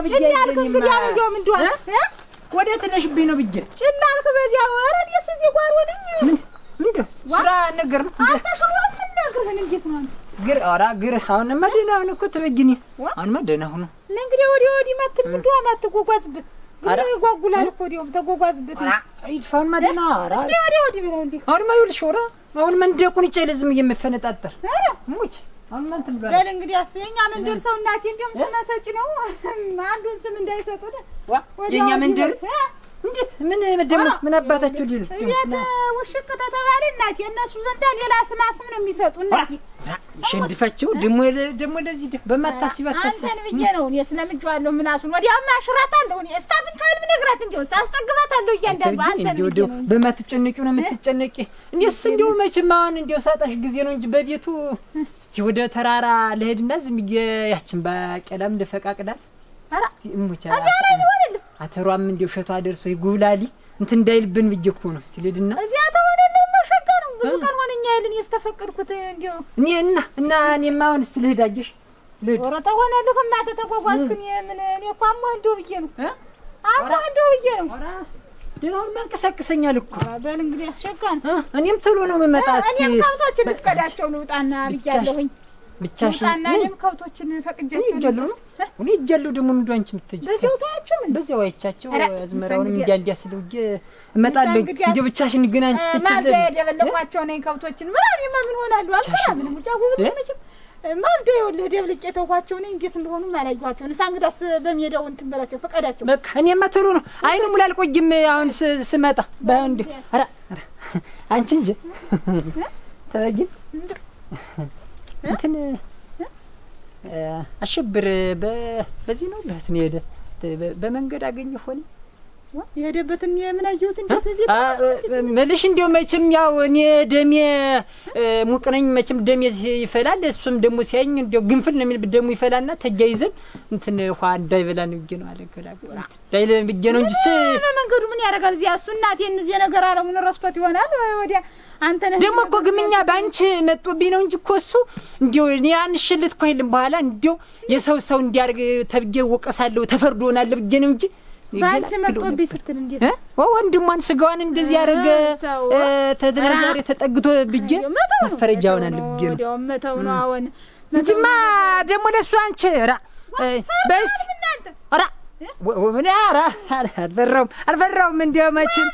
ነው ብዬሽ እንዳልኩ እንግዲህ አሁን ምን እንደሆነ ወደ ትነሽብኝ ነው ብዬሽ ጭላልኩ በዚያው ኧረ እኔስ እዚህ ጓሮ ነኝ ምንድን ስራ ነገር ነው አታሽሮም እነግርህን እንዴት ነው ግር ኧረ ግር አሁንማ ደህና ሁን እኮ ተበጊኝ አሁንማ ደህና ሁኑ ለእንግዲህ ወዲህ ወዲህ መትል ምንድን ነው ማትጓጓዝበት ግሩ ይጓጉላል እኮ ወዲያውም ተጓጓዝበት ይድፋውንማ ደህና ኧረ እስኪ ወዲህ ወዲህ ብለው እንዲህ አሁንማ ይኸውልሽ ኧረ አሁንማ እንደ ቁንጫ የለ ዝም ኧረ ሙች በል እንግዲህ የእኛ መንደር ሰው እናቴ እንዲሁም ስመሰጭ ነው። አንዱን ስም እንዳይሰጡት የእኛ መንደር እንዴት ምን መደመ ምን አባታችሁ ዲል ቤት ውሽቅ ተተባለ እናቴ፣ እነሱ ዘንዳ ሌላ ስማ ስም ነው የሚሰጡ እናቴ። ሸንድፋቸው ደሞ ደሞ ለዚህ በማታስ ይባታስ አንተን ብዬ ነው እኔ ስለምጄዋለሁ። ምናሱን ወዲያውም አሽራታለሁ እኔ እስታ ብቻዋን ምነግራት እንዲሁ ሳስጠግባታለሁ እያንዳንዱ አንተን እንዲሁ በማትጨነቂው ነው የምትጨነቂ። እኔስ እንዲሁ መቼም አሁን እንዲሁ ሳጣሽ ጊዜ ነው እንጂ በቤቱ እስቲ ወደ ተራራ ልሄድና ዝም ብዬ ያችን ባቄላም ልፈቃቅዳት። እስቲ እሙቻ እዚህ አረኝ ወለል አተሯም እንዲ ውሸቷ ደርሶ ይጉብላሊ እንት እንዳይልብን ብዬ እኮ ነው ሲልድና እዚያ ተሆነ ለማሸጋ ነው ብዙ ቀን ሆነኛ አይልን ያስተፈቀድኩት እንዲው እኔ እና እና እኔማ አሁን ስልህድ አየሽ ልድ ወረጣ ሆነ ልሁማ ተተጓጓዝክን የምን እኔ እኮ አሞ እንደው ብዬ ነው አሞ እንደው ብዬ ነው ደህና ሁሉ አንቀሳቅሰኛል እኮ በል እንግዲህ አስቸጋን እኔም ቶሎ ነው የምመጣ እስኪ እኔም ከብቶችን ልትቀዳቸው ልውጣና ብያለሁኝ ብቻሽን ከብቶችን ፈቅጃቸው እኔ እጃለሁ። ደግሞ ምንድን አንቺ የምትሄጂው? በዚያው ታያቸው ምን በዚያው አይቻቸው አዝመራውንም እንዲያ እንዲያስል ውዬ እመጣለሁ። እንደ ብቻሽን ግን አንቺ ትችል የደበለኳቸው ነኝ ከብቶችን ምራ እኔማ ምን ሆናለሁ? አልፈራ ምንም ውጫ ጉብት ማልደ ይኸውልህ ደብልቄ ተውኳቸው። እኔ እንዴት እንደሆኑ አላየኋቸው። ንሳ እንግዳስ በሚሄደው እንትን በላቸው ፈቀዳቸው። በቃ እኔማ ቶሎ ነው አይኑ ሙሉ አልቆይም። አሁን ስመጣ እንዲ አንቺ እንጂ ተበጊን እንትን አሸብር በዚህ ነው በትን ሄደ በመንገድ አገኘ ሆነ የሄደበትን የምን አየሁት እንዴት ቤት መልሽ እንዲያው መቼም ያው እኔ ደሜ ሙቅ ነኝ። መቼም ደሜ ይፈላል። እሱም ደግሞ ሲያኝ እንዲያው ግንፍል ነው የሚል ደሙ ይፈላልና ተያይዘን እንትን ውሃ እንዳይበላ ነው ብዬ ነው አለገላገል ዳይለ ብዬ ነው እንጂ በመንገዱ ምን ያደርጋል እዚያ እሱ እናቴ እዚህ ነገር አለሙን ረስቶት ይሆናል ወዲያ አንተ ነህ ደግሞ እኮ ግምኛ በአንቺ መጦብኝ ነው እንጂ እኮ እሱ እንዲያው እኔ እኮ ይልም በኋላ እንዲያው የሰው ሰው እንዲያርግ ተብጌ ወቀሳለሁ ተፈርዶ ሆናለሁ ብዬ ነው እንጂ በአንቺ መጦብኝ ስትል እንዴት ወንድሟን ስጋዋን እንደዚህ ያደረገ ተዛሬ ተጠግቶ ብዬ መፈረጃ ሆናለ ብዬ ነው መተው ነው አሁን እንጂማ ደግሞ ለእሱ አንቺ ራ በስት ራ ምን ራ አልፈራውም አልፈራውም እንዲያው መቼም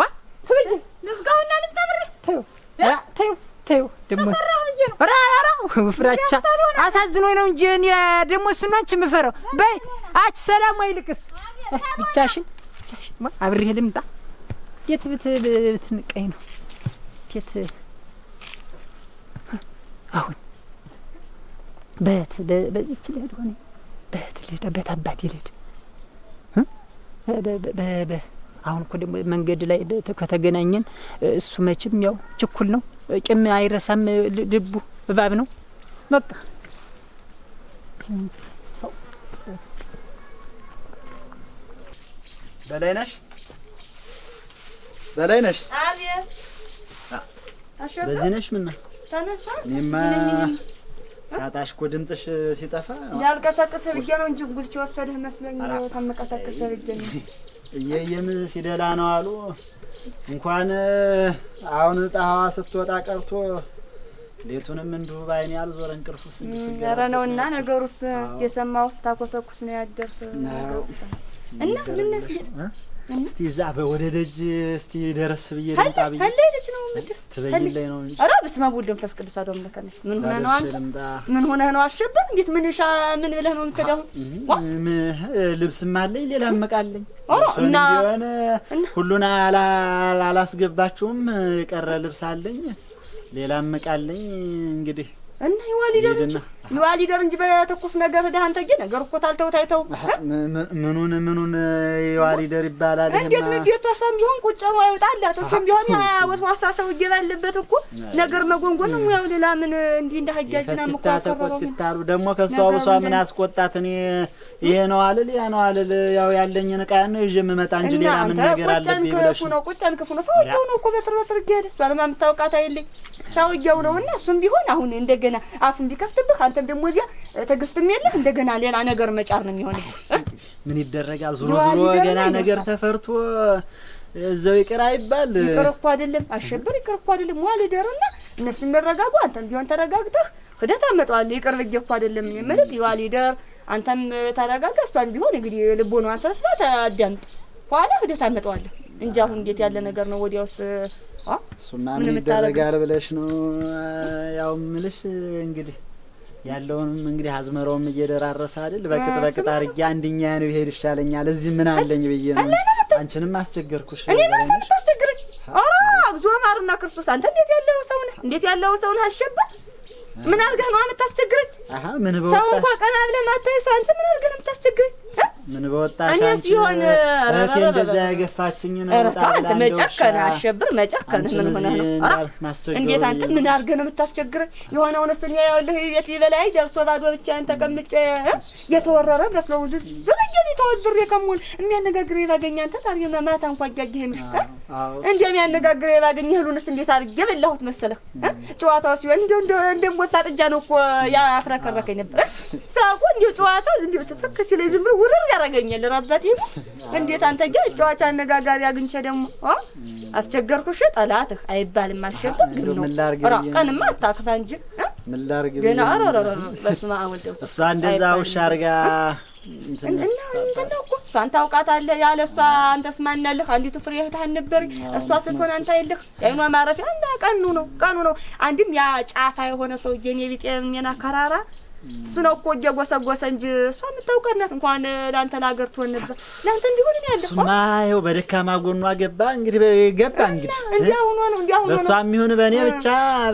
ዋ ትብል ልዝጋውና ልምጣ ተይው ተይው ደግሞ ኧረ ፍራቻ አሳዝኖ ነው እንጂ እኔ ደግሞ እሱን ነው አንቺ የምፈራው። በይ አች ሰላም ወይ ልቅስ ብቻሽን ብቻሽን አብሬህ ልምጣ። የት ብት ብትንቀኝ ነው የት አሁን በት በዚህች ልሄድ ሆነ በት ልሄድ በት አባቴ ልሄድ በ አሁን እኮ ደግሞ መንገድ ላይ ከተገናኘን እሱ መቼም ያው ችኩል ነው፣ ቂም አይረሳም፣ ልቡ እባብ ነው። በቃ በላይ ነሽ፣ በላይ ነሽ፣ በዚህ ነሽ። ምና ተነሳ? ሳጣሽ እኮ ድምፅሽ ሲጠፋ ላልቀሰቅስህ ብዬ ነው እንጂ ጉልቼ ወሰድህ መስሎኝ ከምቀሰቅስህ ብዬ ነው። እየየም ሲደላ ነው አሉ። እንኳን አሁን ጣዋ ስትወጣ ቀርቶ ሌቱንም እንዲሁ ባይኔ አልዞረ እንቅልፉስ እንዲሁ ስገባ ኧረ ነው እና ነገሩስ የሰማሁት ታኮሰኩስ ነው ያደርክ እና ምን እስቲ እዛ ወደ ደጅ እስቲ ደረስ ብዬ ልምጣ ብዬ ሀሌለች ነው ምድር ትበይለኝ ነው እንጂ። ኧረ በስመ አብ ወወልድ ወመንፈስ ቅዱስ አዶ አምላክ ነህ። ምን ሆነህ ነው አንተ? ምን ሆነህ ነው አሸብር? እንዴት ምን ሻ ምን ብለህ ነው የምትሄደው? ልብስም አለኝ ሌላ መቃለኝ እና ሁሉን አላስገባችሁም። የቀረ ልብስ አለኝ ሌላ መቃለኝ እንግዲህ እና ይዋል ይደርና ይዋ ሊደር እንጂ በትኩስ ነገር ሄደህ ተጌ ነገር እኮ ታልተው ታይተው ምኑን ምኑን ይዋ ሊደር ይባላል። እንዴት ንዴት እሷም ቢሆን ቁጭ ነው አይውጣላት። እሱም ቢሆን ወስዋሳ ሰው እየባለበት እኮ ነገር መጎንጎን ነው ያው ሌላ ምን እንዲህ እንደ ሀጃጅና ምቆጣጣሩ ደግሞ ከሷ ብሷ ምን አስቆጣት? እኔ ይሄ ነው አልል ያ ነው አልል ያው ያለኝን ዕቃ ነው ይዤ የምመጣ እንጂ ሌላ ምን ነገር አለብኝ ብለሽ ነው። ቁጭን ክፉ ነው ሰውየው ነው እኮ በስር በስር እየሄደ እሷ ለማምታውቃት አይልኝ ሰውየው ነው እና እሱም ቢሆን አሁን እንደገና አፍ ቢከፍትብህ አንተም ደግሞ እዚያ ትዕግስትም የለህ። እንደገና ሌላ ነገር መጫር ነው የሚሆን። ምን ይደረጋል? ዙሮ ዙሮ ገና ነገር ተፈርቶ እዛው ይቅር አይባል። ይቅር እኮ አይደለም አሸብር፣ ይቅር እኮ አይደለም ዋል ደርና እነሱ የሚረጋጉ አንተም ቢሆን ተረጋግተህ ሂደህ ታመጣዋለህ። ይቅር ብዬሽ እኮ አይደለም የምልህ ይዋል ደር፣ አንተም ተረጋጋ። እሷን ቢሆን እንግዲህ ልቦናዋን አንሰስላት አዳምጥ፣ ኋላ ሂደህ ታመጣዋለህ እንጂ አሁን እንዴት ያለ ነገር ነው? ወዲያውስ እሱማ ምን ይደረጋል ብለሽ ነው ያው ምልሽ እንግዲህ ያለውንም እንግዲህ አዝመራውም እየደራረሰ አይደል በቅጥ በቅጥ አርጌ አንድኛ ነው ይሄድ ይሻለኛል። እዚህ ምን አለኝ ብዬ ነው። አንቺንም አስቸገርኩሽ። እኔ ምን ታስቸግርሽ? ኧረ እግዚኦ ማርና ክርስቶስ! አንተ እንዴት ያለው ሰው ነህ! እንዴት ያለው ሰው ነህ! አሸባ ምን አርጋ ነው የምታስቸግረኝ? አሃ ምን በወጣ ሰው እንኳን ቀና ብለህ ማታየው ሰው አንተ ምን አድርገህ ነው የምታስቸግረኝ? ምን በወጣሽ እኔስ ቢሆን እህቴ እንደዛ ያገፋችኝ ነው። አንተ መጨከን አሸብር መጨከን ምን ሆነ ነው? እንዴት አንተ ምን አድርገህ ነው የምታስቸግረኝ? የሆነ እውነት ስን ያለህ ቤት ሊበላይ ደርሶ ባዶ ብቻዬን ተቀምጬ የተወረረ ብረት ነው ውዝዝ ዝም እየዚህ ተወዝሬ ከመሆን የሚያነጋግር ባገኝ አንተ ዛሬ ማታ እንኳ እጃጅህ ምሽካል እንዴ የሚያነጋግር የባድን እህሉንስ እንዴት አድርጌ በላሁት መሰለህ? ጨዋታው ሲሆን እንደ እንደ እንደ ሞሳ ጥጃ ነው እኮ ያፍረከረከኝ ነበር። ሳቁ እንዴ ጨዋታው እንዴ ትፍክ ሲለኝ ዝም ብሎ ውርር ያረገኛል። ረባቴ እንዴት አንተ ጋ ጨዋቻ አነጋጋሪ አግኝቼ ደግሞ አስቸገርኩሽ። ጠላትህ አይባልም አልሸብም ግን ነው ራ ቀንማ አታክፋ እንጂ ምን ላርግ ገና ኧረ ኧረ በስመ አብ ወልድ እሷ እንደዛ ውሻ አርጋ እሷን ታውቃታለህ። ያለ እሷ አንተስ ማናለህ? አንዲቱ ፍሬ እህትህ ነበር። እሷ ስትሆን አንተ የለህ። የአይኗ ማረፊያ አንተ ቀኑ ነው ቀኑ ነው። አንድም ያ ጫፋ የሆነ ሰውዬ እኔ ቢጤ የሚና ከራራ እሱ ነው እኮ እየጎሰጎሰ እንጂ እሷ የምታውቀው እንኳን ለአንተ ለሀገር ትሆን ነበር ለአንተ እንዲሆን እኔ ያለሁ እሱማ ይኸው በደካማ ጎኗ ገባ እንግዲህ ገባ እንግዲህ እንዲያ ነው እንዲያ ነው በእሷ የሚሆን በእኔ ብቻ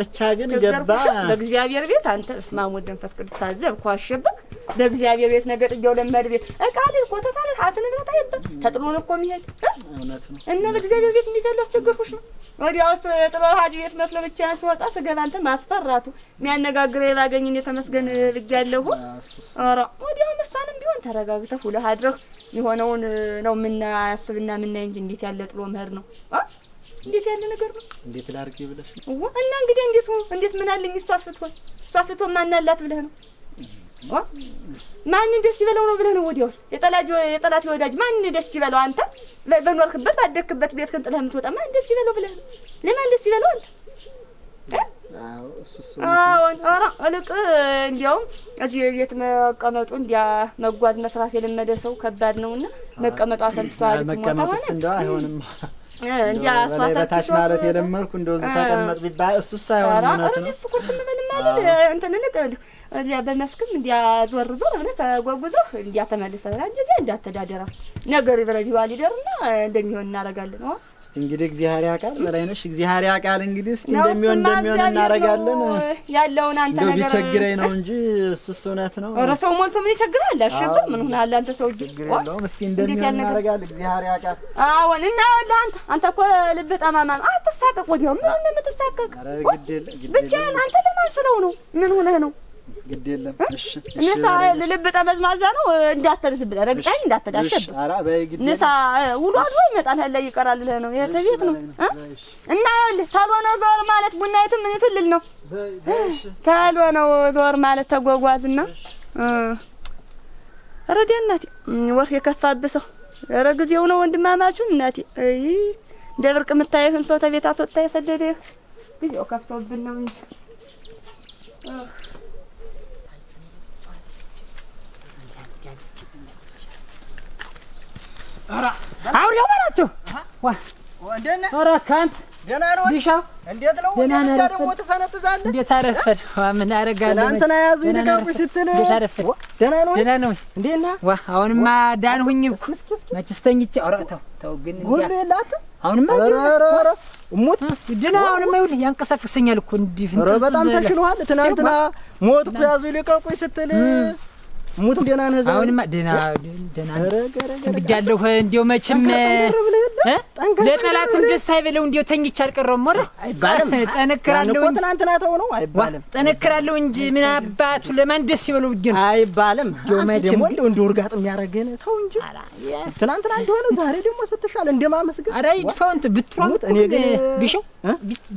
ብቻ ግን ገባ። በእግዚአብሔር ቤት አንተ እስማም ወደ መንፈስ ቅዱስ ታዘብ ኳሸብህ በእግዚአብሔር ቤት ነገር ጥያው ለማድ ቤት እቃ ልል ኮተታ ንብረት አይበት ተጥሎ ነው እኮ የሚሄድ እውነት እና በእግዚአብሔር ቤት እንዴት ያለ አስቸገርኩሽ ነው። ወዲያውስ ጥሎ ሀጅ ቤት መስሎ ብቻ ስወጣ ስገባ አንተ ማስፈራቱ የሚያነጋግረ የላገኝ የተመስገን ተመስገን ብያለሁ። ኧረ ወዲያው እሷንም ቢሆን ተረጋግተህ ሁለህ አድረህ የሆነውን ነው የምናስብና የምናይ እንጂ እንዴት ያለ ጥሎ መሄድ ነው። እንዴት ያለ ነገር ነው። እንዴት ላድርጌ ብለሽ ነው እና እንግዲህ እንዴት እንዴት ምን አለኝ እሷ ስትሆን እሷ ስትሆን ማናላት ብለህ ነው ማንን ደስ ይበለው ነው ብለህ ነው? ወዲያውስ የጠላት ወዳጅ ማን ደስ ይበለው? አንተ በኖርክበት ባደግክበት ቤት ክን ጥለህ የምትወጣ ማን ደስ ይበለው ብለህ ነው? ለማን ደስ ይበለው አንተ? አዎን፣ ኧረ እልቅ እንዲያውም እዚህ ቤት መቀመጡ እንዲያ መጓዝ መስራት የለመደ ሰው ከባድ ነውና መቀመጡ አሰልችቷል። መቀመጡስ እንደው አይሆንም እንዲያ በታች ማለት የለመድኩ እንደው ተቀመጥ ቢባል እሱ ሳይሆን እውነት ነው። እሱ ቁርት ምበልማ እንትን እልቅ እዚያ በመስክም እንዲያ ዞር ዞር ብለህ ተጓጉዘህ እንዲያ ተመልሰህ ና እንጂ ነገር ይብረን ይዋል ይደርና እንደሚሆን እናደርጋለን። ዋ እስቲ እንግዲህ እግዚአብሔር ያውቃል በላይነሽ፣ እግዚአብሔር ያውቃል። እንግዲህ እስቲ እንደሚሆን እንደሚሆን እናደርጋለን። ያለውን አንተ ነገር ቢቸግረኝ ነው እንጂ እሱስ እውነት ነው። ኧረ ሰው ሞልቶ ምን ይቸግራል? አሸብር ምን ሆናል? አንተ ሰው እጅ ነው። እስቲ እንደሚሆን እናደርጋለን። እግዚአብሔር ያውቃል። አዎን እና አንተ አንተ እኮ ልብህ ጠማማ ነው። አትሳቀቅ። ወዲያው ምን እንደምትሳቀቅ ብቻ አንተ ለማን ስለው ነው? ምን ሆነህ ነው? ግድ የለም ንሳ ልልብ ጠመዝማዛ ነው። እንዳተርስብለ ረግጣኝ እንዳተዳሸብ ንሳ ውሎ አድሮ ይመጣል። ላይ ይቀራል ልህ ነው የተቤት ነው እና ያል ተሎ ነው ዞር ማለት ቡና ቡናይትም ምን ትልል ነው ተሎ ነው ዞር ማለት ተጓጓዝና ረዲ እናቴ ወርህ የከፋብህ ሰው ኧረ ጊዜው ነው ወንድማማቹን እናቴ ደብርቅ የምታየህን ሰው ተቤት አስወጥታ የሰደደ ጊዜው ከፍቶብን ነው እንጂ አውሬው በላቸው። ኧረ ከአንተ ቢሻው እንዴት ነው ደግሞ ትፈነጥዛለህ? እንዴት አረፈድክ? ምን አደርጋለሁ? እንትና ያዙ ይልቀቁኝ ስትል እንዴት አረፈድክ? ደህና ነው እንዴት ነህ? አሁንማ ዳንሁኝ እኮ መችስ ተኝቼ። ኧረ ተው ተው ግን ጉድ የላትም አሁንማ እሙት ድና አሁንማ ይኸውልህ ያንቀሳቅሰኛል እኮ እንዲህ በጣም ተሽሎሃል። ትናንትና ሞት እኮ ያዙ ይልቀቁኝ ስትል ሙቱ ደህና ነህ? አሁንማ ደህና ደህና እንግዲያለሁ። እንዲያው መቼም ለጠላትም ደስ አይበለው። እንዲያው ተኝቼ አልቀረሁም። ወረ አይባልም። ጠነክራለሁ እንጂ ትናንትና ተው ነው አይባልም። ጠነክራለሁ እንጂ ምን አባቱ ለማን ደስ ይበለው ግን ነው። አይባልም። እንዲያው መቼም እንደው እንደ ውርጋጥ የሚያደርግህን ተው እንጂ ትናንትና እንደሆነ ዛሬ ደግሞ ስትሻል እንደማመስገን ኧረ ይጥፋው እንትን ብትሯም እኮ ብሻው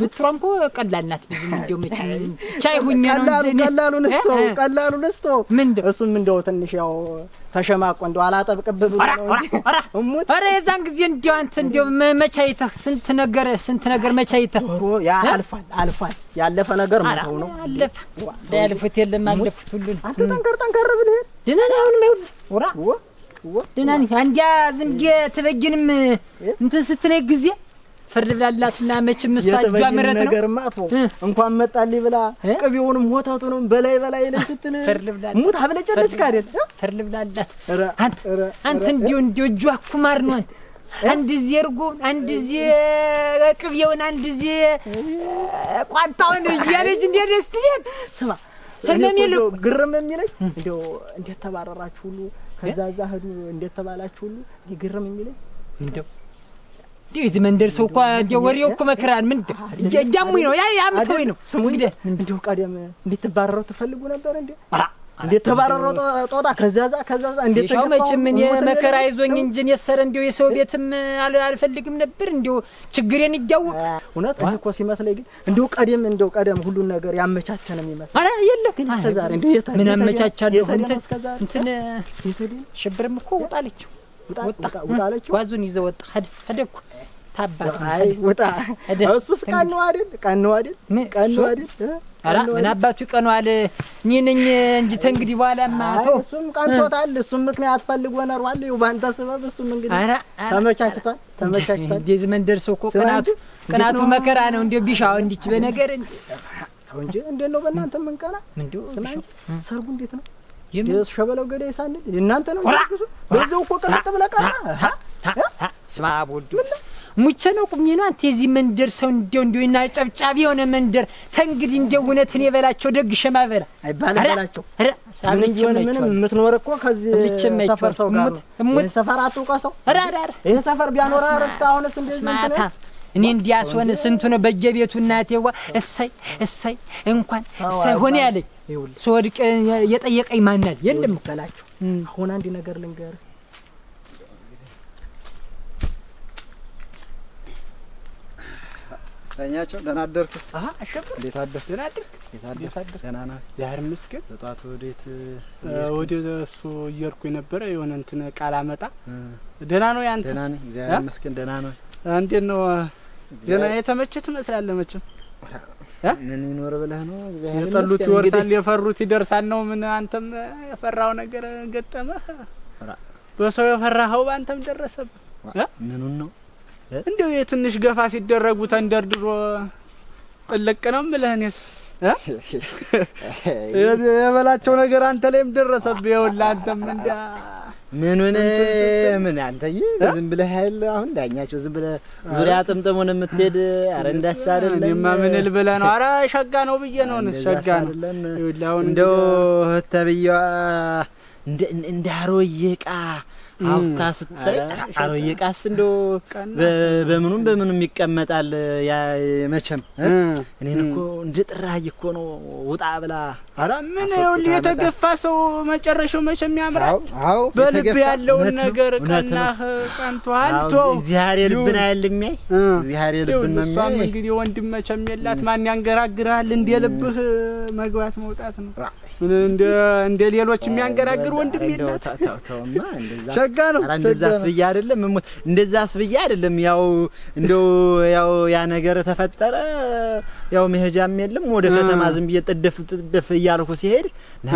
ብትሯም እኮ ቀላል ናት። ብዙም እንዲያው መቼም ቻይ ሁኜ ነው እንጂ እኔ ቀላሉን እስቶ ቀላሉን እስቶ ምንድን እሱም እንደው ትንሽ ያው ተሸማቆ እንደው አላጠብቅብህ ብሎ ነው እንጂ ኧረ የዛን ጊዜ እንደው አንተ እንደው መቼ አይተህ ስንት ነገር ስንት ነገር መቼ አይተህ ዞሮ ያ አልፏል አልፏል ያለፈ ነገር ነው ነው አለፈ ያልፉት የለም አለፉት ሁሉን አንተ ጠንከር ጠንከር ብለህ ደህና ነህ አሁንም ነው ኧረ ደህና ነኝ አንዲያ ዝም ብዬ ትበጊንም እንትን ስትለኝ ጊዜ ፍርድ ብላላትና መቼም እሷ እጇ ምረት ነው ነገር ማጥፎ እንኳን መጣልኝ ብላ ሞታቱ ነው በላይ በላይ ላይ ስትል ፍርድ ብላላት ሙት አብለጨለች ካደል ፍርድ ብላላት። አንተ አንተ እንዲሁ እንዲሁ እጇ ኩማር ነው። አንድ ጊዜ እርጎውን፣ አንድ ጊዜ ቅቤውን፣ አንድ ጊዜ ቋንጣውን እያለች እንደ ደስ ትሄድ ስማ ህመሚል ግርም የሚለኝ እንደው እንዴት ተባረራችሁ ሁሉ ከዛ እዛ ሂዱ እንዴት ተባላችሁ ሁሉ ግርም የሚለኝ እንደው እንዲሁ የዚህ መንደር ሰው እኮ እንዲሁ ወሬው እኮ መከራን ምን እያሙኝ ነው ያ ያምተወኝ ነው ስሙ እንግዲህ እንዲሁ ቀደም እንዴት ትፈልጉ ነበር እንዴ? ኧረ እንዴት ተባረረው ጦጣ ከዛዛ ከዛዛ እንዴት ተሻው መቼም እኔ መከራ ይዞኝ እንጂ እኔ እንዲሁ የሰው ቤትም አልፈልግም ነበር እንዲሁ ችግሬን እያወቅ እውነት እኮ ሲመስለኝ ግን እንዲሁ ቀደም እንዲሁ ቀደም ሁሉን ነገር ያመቻቸንም ይመስል ኧረ የለም ግን እስከ ዛሬ እንዲሁ የታ ምን አመቻቻለሁ እንትን ሽብርም እኮ ወጣለች ወጣ ወጣ ወጣለች ጓዙን ይዘው ወጣ ሄደ ሄደ እኮ ታባት ይቀኗል? እኔ ነኝ እንጂ ተንግዲህ በኋላማ እሱም ቀንቶታል። እሱም ምክንያት ፈልጎ ነሯል። ይኸው ስበብ እሱም እንግዲህ ተመቻችቷል፣ ተመቻችቷል። እኮ ቅናቱ ቅናቱ መከራ ነው። እንደ ቢሻው እንዲች በነገር እንጂ ነው በእናንተ ሰርጉ እንዴት ነው? ገዳይ ሳንል እናንተ ነው። እኮ ቅናት ስማ ቦዱ ሙቼ ነው ቁሜ ነው አንተ የዚህ መንደር ሰው እንደው እንደው እና ጨብጫቢ የሆነ መንደር ተንግዲህ እንደው እውነት እኔ በላቸው ደግ ሸማ በላ አይባልም በላቸው የምትኖር እኮ ከዚህ ሰፈር ሰው ጋር ሰፈር ሰው ኧረ ኧረ ሰፈር ቢያኖር ኧረ እንደዚህ እኔ ስንቱ ነው በየቤቱ እናቴዋ እሰይ እሰይ እንኳን እሰይ ሆነ ያለኝ ስወድቅ የጠየቀኝ ማናል የለም በላቸው አሁን አንድ ነገር ልንገርህ ዳኛቸው ደህና አደርክ? አሀ አሸብር እንዴት አደርክ? ደህና አደርክ? እንዴት አደርክ? ደህና ነህ? በጠዋት ወዴት ወደ እሱ እየርኩ የነበረ የሆነ እንትን ቃል አመጣ። ደህና ነው ያንተ? ደህና ነኝ እግዚአብሔር ይመስገን ደህና ነው። እንዴት ነው? ደህና የተመቸህ ትመስላለህ መቼም ምን ይኖር ብለህ ነው? እግዚአብሔር የጠሉት ይወርሳል፣ የፈሩት ይደርሳል ነው። ምን አንተም የፈራው ነገር ገጠመህ? በሰው የፈራኸው በአንተም ደረሰብህ። ምኑን ነው እንዲያው የትንሽ ገፋ ሲደረጉ ተንደርድሮ ጥልቅ ነው የምልህ። እኔስ የበላቸው ነገር አንተ ላይም ደረሰብህ። ይኸውልህ አንተም እንዳ ምኑን ምን አንተዬ ዝም ብለህ ኃይል አሁን ዳኛቸው ዝም ብለህ ዙሪያ ጥምጥሙን የምትሄድ አረ እንዳሳ አይደለም። እኔማ ምን ልብለህ ነው? አረ ሸጋ ነው ብዬ ነው። ሸጋ ነው ይኸውልህ አሁን እንደው ተብዬዋ እንደ አሮዬ ዕቃ ሀብታ ስትጠረ አሮዬ ቃስ እንደው በምኑም በምኑም ይቀመጣል። ያ መቼም እኔን እኮ እንደ ጥራህ እኮ ነው ውጣ ብላ። ኧረ ምን ይኸውልህ፣ የተገፋ ሰው መጨረሻው መቼም ያምራል። በልብ ያለውን ነገር ቀናህ ቀንቷል። ተው እግዚአብሔር ልብን አያል የሚያይ እግዚአብሔር ልብን ነው የሚያይ። እንግዲህ ወንድም መቼም የላት ማን ያንገራግራል? እንደ ልብህ መግባት መውጣት ነው እንደ ሌሎች የሚያንገራግር ወንድም የላት። ሸጋ ነው። እንደዛ አስብዬ አይደለም እሞት፣ እንደዛ አስብዬ አይደለም። ያው እንደው ያው ያ ነገር ተፈጠረ። ያው መሄጃም የለም ወደ ከተማ ዝም ብዬ ጥድፍ ጥድፍ እያልኩ ሲሄድ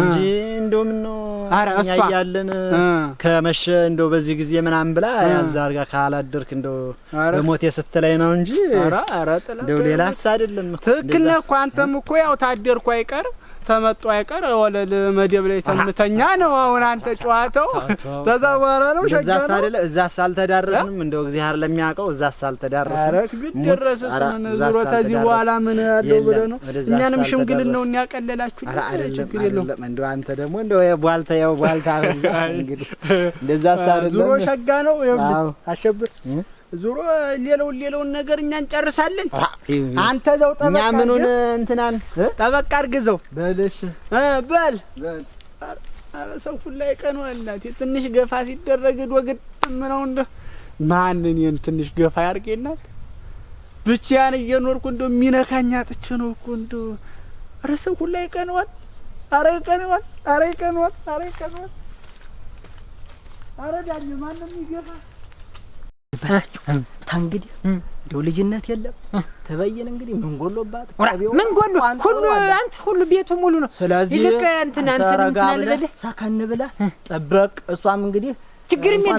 እንጂ እንደው ምን ነው እኛ እያለን ከመሸ እንደው በዚህ ጊዜ ምናምን ብላ ያዛ አርጋ ካላደርክ እንደው በሞቴ ስትለኝ ነው እንጂ እንደው ሌላስ አይደለም። ትክክል ነህ እኮ አንተም እኮ ያው ታደርኩ አይቀር ተመጡ አይቀር ወለል መደብ ላይ ተምተኛ ነው። አሁን አንተ ጨዋታው ተዛ በኋላ ነው ሸጋ ነው። እዛስ አልተዳረስንም። እንደው እግዚአብሔር ለሚያውቀው እዛስ አልተዳረስንም። ደረስስ ምን ዙሮ ተዚህ በኋላ ምን ያለው ብለህ ነው እኛንም ሽምግልናውን ያቀለላችሁ ችግር የለውም። እንደው አንተ ደግሞ እንደው የቧልታ ያው እንግዲህ እንደዛስ አይደለም ዙሮ ሸጋ ነው አሸብር ዙሮ ሌለውን ሌለውን ነገር እኛ እንጨርሳለን። አንተ ዘው ጠበቃ እኛ ምኑን እንትናን ጠበቃ አርግዘው በልሽ በል አረ ሰው ሁላ ቀን አላት ትንሽ ገፋ ሲደረግ ዶግጥም ነው እንደ ማንን ይህን ትንሽ ገፋ ያርጌ ናት እየኖርኩ እንደ ሚነካኛ አጥቼ ነው እኮ እንደ አረ ሰው ሁላ ይቀነዋል። አረ ቀን ኧረ አረ ቀን ይቀነዋል። አረ ዳኝ ማንም ይገፋ በላችሁ እንደው ልጅነት የለም እንግዲህ ምን ጎሎባት ምን ጎሎ ሁሉ አንተ ሁሉ ቤቱ ሙሉ ነው። ስለዚህ ይልቅ እንትን አንተ ብለህ ጠበቅ። እሷም እንግዲህ ችግር ችግር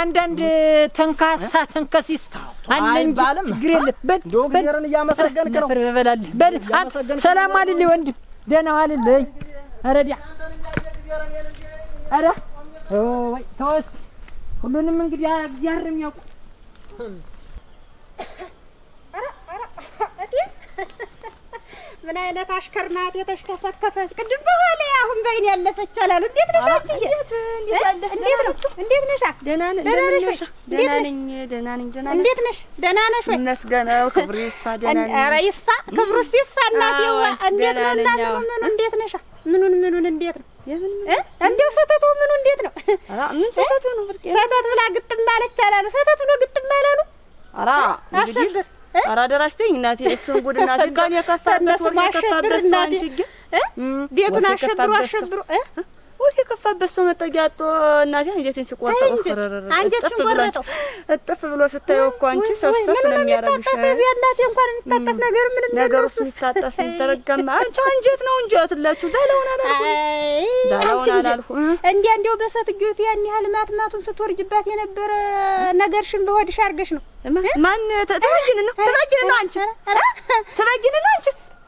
አንዳንድ ተንካሳ ተንከሲስ አለ እንጂ ችግር በል በል እያመሰገንክ ነው። በል ሰላም አልልህ ወንድም ደህና ዋልልህ። ኧረ ዲያ ኧረ ወይ ተወስ ሁሉንም እንግዲህ እግዚአብሔር የሚያውቁ ምን አይነት አሽከርናት ናት ቅድም በኋላ አሁን በይን ያለፈች አላሉ። እንዴት ነሽ አንቺዬ? እንዴት ነሽ? እንዴት ነሽ? ደህና ነሽ ወይ? ይመስገን። ክብሩ ይስፋ። ደህና ነኝ። ኧረ ይስፋ፣ ክብሩስ ይስፋ። እናቴ እንዴት ነው? እናት ምኑን እንዴት ነሽ? ምኑን ምኑን እንዴት ነው? እንዲያው ሰተቱ ምኑ እንዴት ነው? ምን ሰተቱ ነው? ሰተት ብላ ግጥም አለች አላሉ ሰተት ብሎ ግጥም አላሉ። ኧረ እንግዲህ ኧረ አደራሽተኝ እናቴ፣ እሱን ጉድ እናቴ ጋር የከፋበት ወር የከፋበት ሰው አንቺ ግን ቤቱን አሸብሮ አሸብሮ የከፋበት ሰው መጠጊያ አጥቶ እናቴ አንጀቴን ሲቆርጠው አንጀትሽን ቆረጠው እጥፍ ብሎ ስታየው እኮ አንቺ ሰብሰብ ነው የሚያረግሽ። ያላት እንኳን የሚታጠፍ ነገር ምንም ነገር ውስጥ የሚታጠፍ የሚተረገም አንቺ አንጀት ነው እንጂ አትላችሁ ዛለውን አላልኩ ዛለውን አላልኩ። እንዲያ እንዲያው በሴትዮቱ ያን ያህል ማትማቱን ስትወርጅባት የነበረ ነገርሽን በሆድሽ አድርገሽ ነው ማን ተበጊን ነው ተበጊን ነው አንቺ ተበጊን ነው አንቺ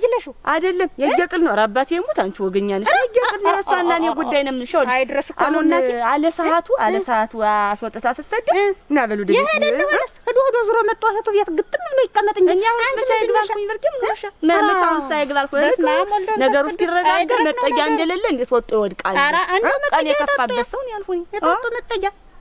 አስከጅለሽው አይደለም የጀቅል ነው። አባቴ የሙት አንቺ ወገኛ ነሽ። የጀቅል ነው እና እኔ ጉዳይ ነው የምንሸው። ሆድ ድረስ እኮ እናቴ አለ ሰዓቱ አለ ሰዓቱ አስወጥታ ስትሰድ እና በሉ ደግሞ ይሄ ደግሞ አስ ሄዶ ሄዶ ዙሮ መጥቶ እህቱ ቤት ግጥም ብሎ ይቀመጥ እንጂ እኛ ሁሉ ብቻ ይግባሽ ይብርቅ ምንሽ መመቻውን ሳይግባል ነገር ውስጥ ይረጋጋ መጠጊያ እንደሌለ እንዴት ወጥቶ ይወድቃል። ቀን የከፋበት ሰው ነው ያልሁኝ የጠጡ መጠጊያ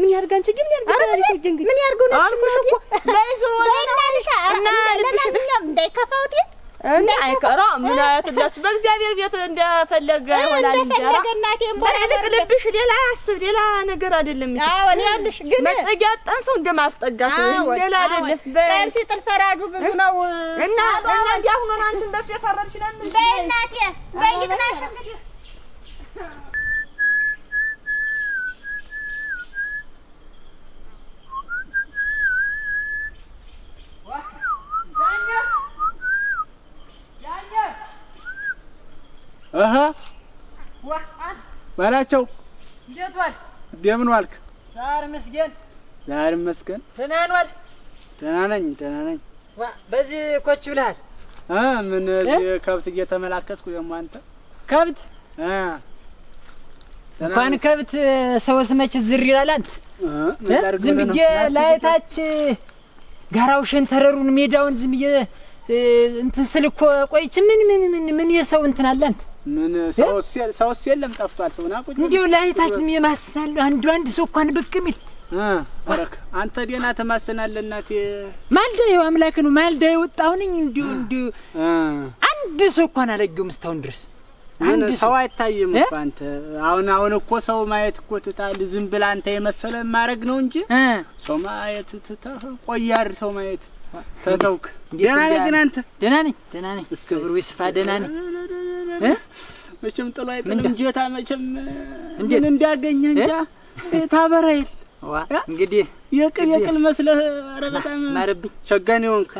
ምን ያርግ አንቺ ግን ያርግ ባለሽ ምን ያርጉ ነው አልኩሽ እኮ ባይዞ ወለና እና ልብሽ እንዳይከፋውት እና አይከራ ምን አያትላችሁ በእግዚአብሔር ቤት እንደፈለገ ይሆናል እንጂ በእርግጥ ልብሽ ሌላ አስብ ሌላ ነገር አይደለም አዎ ያልሽ ግን መጠጊያ ጠንሶ እንደማስጠጋት ነው ሌላ አይደለም በጠንሲ ጥል ብዙ ነው እና እና ያሁን አንቺን በስ የፈረድሽ ለምን በእናቴ በይቅናሽ እንግዲህ እህ ዋ በላቸው እንዴት ዋልክ? እንደምን ዋልክ? ዛሬ መስገን ዛሬ መስገን ደህና ዋልክ? ደህና ነኝ ደህና ነኝ። በዚህ ኮች ብለሃል ምን እዚህ ከብት እየተመላከትኩ ደግሞ አንተ ከብት እንኳን ከብት ሰው ስመች ዝር ይላል። ዝም ብዬ ላይታች ጋራው ሸንተረሩን ሜዳውን ዝም ብዬ እንትን ስል እኮ ቆይቼ ምን ምን ምን የሰው እንትን አለ አንተ ምን ሰው ሰውስ የለም ጠፍቷል። ሰው ና ቁጭ እንዲሁ ለአይታችን የማስናለሁ አንዱ አንድ ሰው እንኳን ብቅ የሚል ረክ አንተ ደህና ትማስናለህ። እናቴ ማልዳ ይኸው አምላክ ነው ማልዳ የወጣሁንኝ እንዲሁ እንዲሁ አንድ ሰው እንኳን አላየሁም እስካሁን ድረስ አንድ ሰው አይታይም እኮ አንተ አሁን አሁን እኮ ሰው ማየት እኮ ትታል። ዝም ብለህ አንተ የመሰለ ማድረግ ነው እንጂ ሰው ማየት ትተህ ቆያር ሰው ማየት ተተውክ። ደህና ነህ ግን አንተ? ደህና ነኝ፣ ደህና ነኝ። ክብሩ ይስፋ። ደህና ነኝ። መቼም ጥሎ አይጥልም እንጀታ። መቼም እንዴት እንዳገኘ እንጃ። ታበራይል እንግዲህ የቅል የቅል መስለህ። ኧረ በጣም ማረብኝ። ሸጋን የሆንክ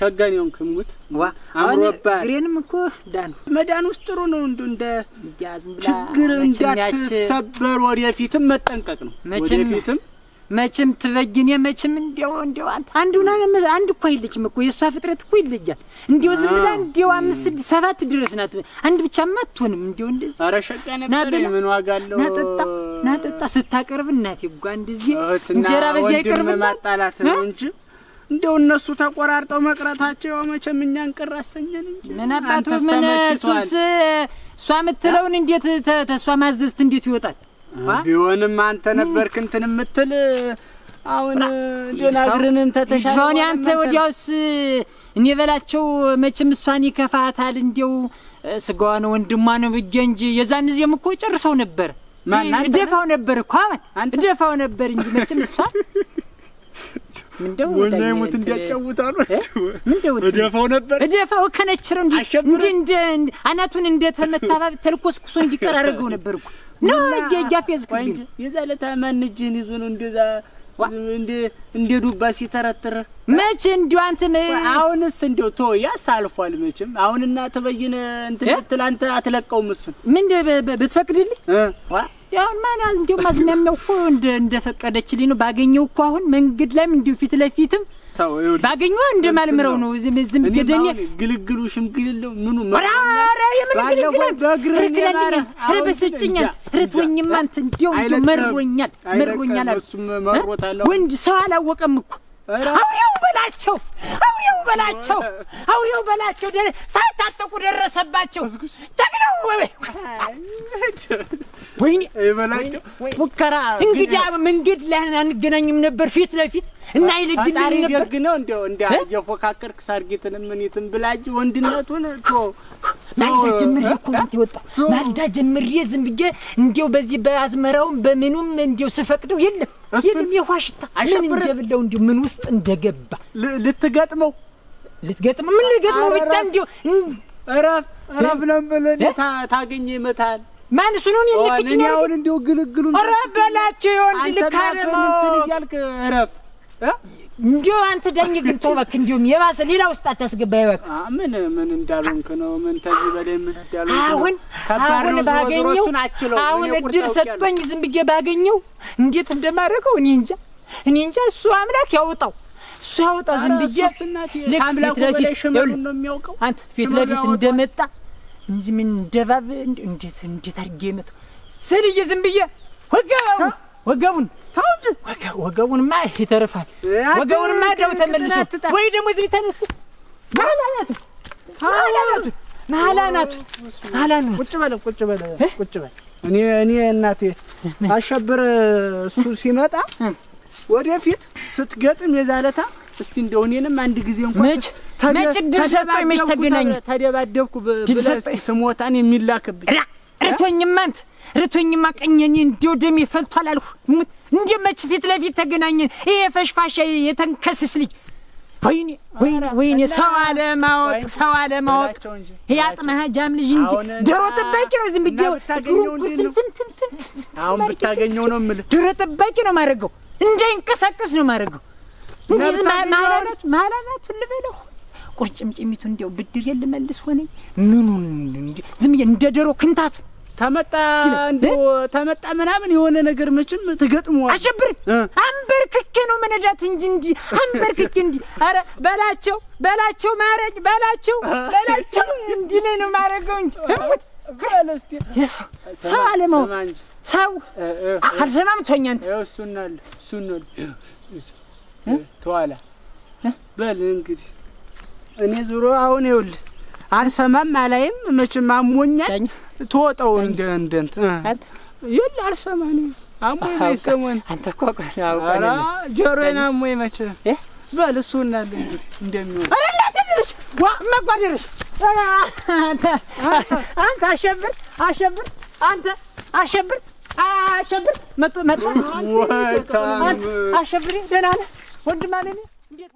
ሸጋን የሆንክ ሙት ዋ አምሮባ ግሬንም እኮ ዳን መዳን ውስጥ ጥሩ ነው። እንዱ እንደ ችግር እንዳትሰበር ወደፊትም መጠንቀቅ ነው። ወደፊትም መቼም ትበጊኔ መቼም እንዲያው እንዲያው አንድ ሁና አንድ እኮ አይለችም እኮ የእሷ ፍጥረት እኮ ይለጃል። እንዲያው ዝም ብላ እንዲያው አምስት ስድስት ሰባት ድረስ ናት። አንድ ብቻማ አትሆንም። እንዲያው እንደዚህ ኧረ ሸጋ ነበር። ምን ዋጋ አለው? ናጠጣ ናጠጣ ስታቀርብ እናት ይጓ እንደዚህ እንጀራ በዚህ አይቀርብ ማጣላት ነው እንጂ እንደው እነሱ ተቆራርጠው መቅረታቸው ያው መቼም እኛን ቅር አሰኘን እንጂ ምን አባቱ ምን እሱስ እሷ የምትለውን እንዴት ተሷ ማዘዝት እንዴት ይወጣል? ቢሆንም አንተ ነበርክ እንትን የምትል አሁን ደናግርንን ተተሻለ አሁን አንተ ወዲያውስ እኔ በላቸው መቼም እሷን ይከፋታል እንዲው ስጋዋ ነው ወንድሟ ነው ብዬ እንጂ የዛን ጊዜም እኮ ጨርሰው ነበር እደፋው ነበር እኮ አሁን እደፋው ነበር እንጂ መቼም እሷን ምንደው ወኛ ይሙት እንዲያጫውታሉ ምንደው እደፋው ነበር እደፋው ከነችረው እንዲ እንዲ አናቱን እንደ ተመታባብ ተልኮስኩሶ እንዲቀር አድርገው ነበር እኮ ነው የዛ ለታ ማን እጅህን ይዞ ነው እንደዛ እንደ ዱባ ሲተረትር መቼ እንዲሁ አንተን አሁንስ እንዲሁ ቶ ያስ አልፏል። እንትን ብትል አንተ አትለቀውም እሱን ምን ብትፈቅድልኝ ያሁን ማን እንዲሁ እንደፈቀደችልኝ ነው ባገኘው እኮ አሁን መንገድ ላይም እንዲሁ ፊት ለፊትም ተው ባገኘው ነው። ዝም ዝም ገደኝ ግልግሉ ሽምግልለው ምኑ ማራ የምን ግልግል ትክክለኛ ኧረ ኧረ ተወኝማ አንተ መሮኛል መሮኛል ወንድ ሰው አላወቀም እኮ አውሬው በላቸው፣ አውሬው በላቸው፣ አውሬው በላቸው። ሳይታጠቁ ደረሰባቸው። ወይ ወይኔ በላቸው። ፉከራ እንግዳ መንገድ ላይ አንገናኝም ነበር ፊት ለፊት እና ይልግል ነበር ነው እንዲያው እንዲያ እየፎካከርክ ሳርጌትንም ምኒትም ብላጅ ወንድነቱን ማልዳ ጀምሬ እኮ የወጣ ማልዳ ጀምሬ ዝም ብዬ እንዲያው በዚህ በአዝመራውም በምኑም እንዲያው ስፈቅደው የለም የለም የዋሽታ ምን እንደብለው እንዲያው ምን ውስጥ እንደገባ ልትገጥመው ልትገጥመው ምን ልገጥመው ብቻ እንዲያው እረፍ እረፍ ነው የምልህ። ታገኘ ይመታል ማን እሱ ነው ልክች ነው አሁን እንዲያው ግልግሉን እረፍ በላቸው የወንድ ልካለመ እያልክ እረፍ እንዲያው አንተ ዳኝ ግን ተው እባክህ፣ እንዲያውም የባሰ ሌላ ውስጥ አታስገባ። እባክህ ምን ምን እንዳልሆንክ ነው? ምን ተዚህ በላይ ምን እንዳልሆንክ ነው? አሁን አሁን ባገኘው አሁን እድል ሰጥቶኝ ዝም ብዬ ባገኘው እንዴት እንደማደርገው እኔ እንጃ፣ እኔ እንጃ። እሱ አምላክ ያውጣው፣ እሱ ያውጣው። ዝም ብዬ ልክ ፊት ለፊት አንተ ፊት ለፊት እንደመጣ እንጂ ምን እንደባብ እንዴት እንዴት አድርጌ መጣሁ ስልዬ ዝም ብዬ ወገቡን ወገቡን ተው እንጂ ወገቡንማ ይተርፋል። ወገቡንማ ተመልሶ ወይ ደግሞ እዚህ ተነስ። ማላናቱ ማላናቱ ማላናቱ ማላናቱ ቁጭ በለ ቁጭ በለ ቁጭ በለ። እኔ እኔ እናቴ አሸብር እሱ ሲመጣ ወደፊት ስትገጥም የዛለታ እስቲ እንደው እኔንም አንድ ጊዜ እንኳን መች መች ሰጠኝ መች ተደባደብኩ ብለህ ስሞታን የሚላክብኝ ርቶኝማ አንተ ርቶኝማ ደሜ ፈልቷል አልሁ እንደመች ፊት ለፊት ተገናኘን። ይሄ ፈሽፋሻ የተንከስስ ልጅ ወይኔ ወይኔ ወይኔ ሰው አለ አለማወቅ ሰው አለ አለማወቅ ያጥመህ ጃም ልጅ እንጂ ዶሮ ጠባቂ ነው። ዝም ብዬ አሁን ብታገኘው ነው የምልህ። ዶሮ ጠባቂ ነው የማደርገው፣ እንዳይንቀሳቀስ ነው የማደርገው እንጂ ማላላቱን ልበለው ቁርጭምጭሚቱ እንዲያው ብድር የልመልስ ሆነኝ ምኑን ዝም ብዬ እንደ ዶሮ ክንታቱ ተመጣ እንደው ተመጣ ምናምን የሆነ ነገር መቼም ትገጥመዋል። አሸብር አንበርክኬ ነው መነዳት እንጂ እንጂ አንበርክኬ እንጂ ኧረ በላቸው በላቸው ማረግ በላቸው በላቸው እንዲህ ላይ ነው ማረገው እንጂ ሰው አለማው ሰው አልሰማምቶኛ እንት እሱናል እሱናል ተዋላ በል እንግዲህ እኔ ዙሮ አሁን ይኸውልህ አልሰማም አላይም መቼም አሞኛል ተወጣው እንደ እንደ እንትን ይል አልሰማኝ አሞኝ ነው የሰማኝ። አንተ ጆሮዬን አሞኝ መቼ በል እሱ እናለ እንደሚሆን መጓደርሽ አንተ አሸብር አሸብር አንተ አሸብር አሸብር መጡ መጡ አሸብር ደህና ነህ ወንድም አለ እኔ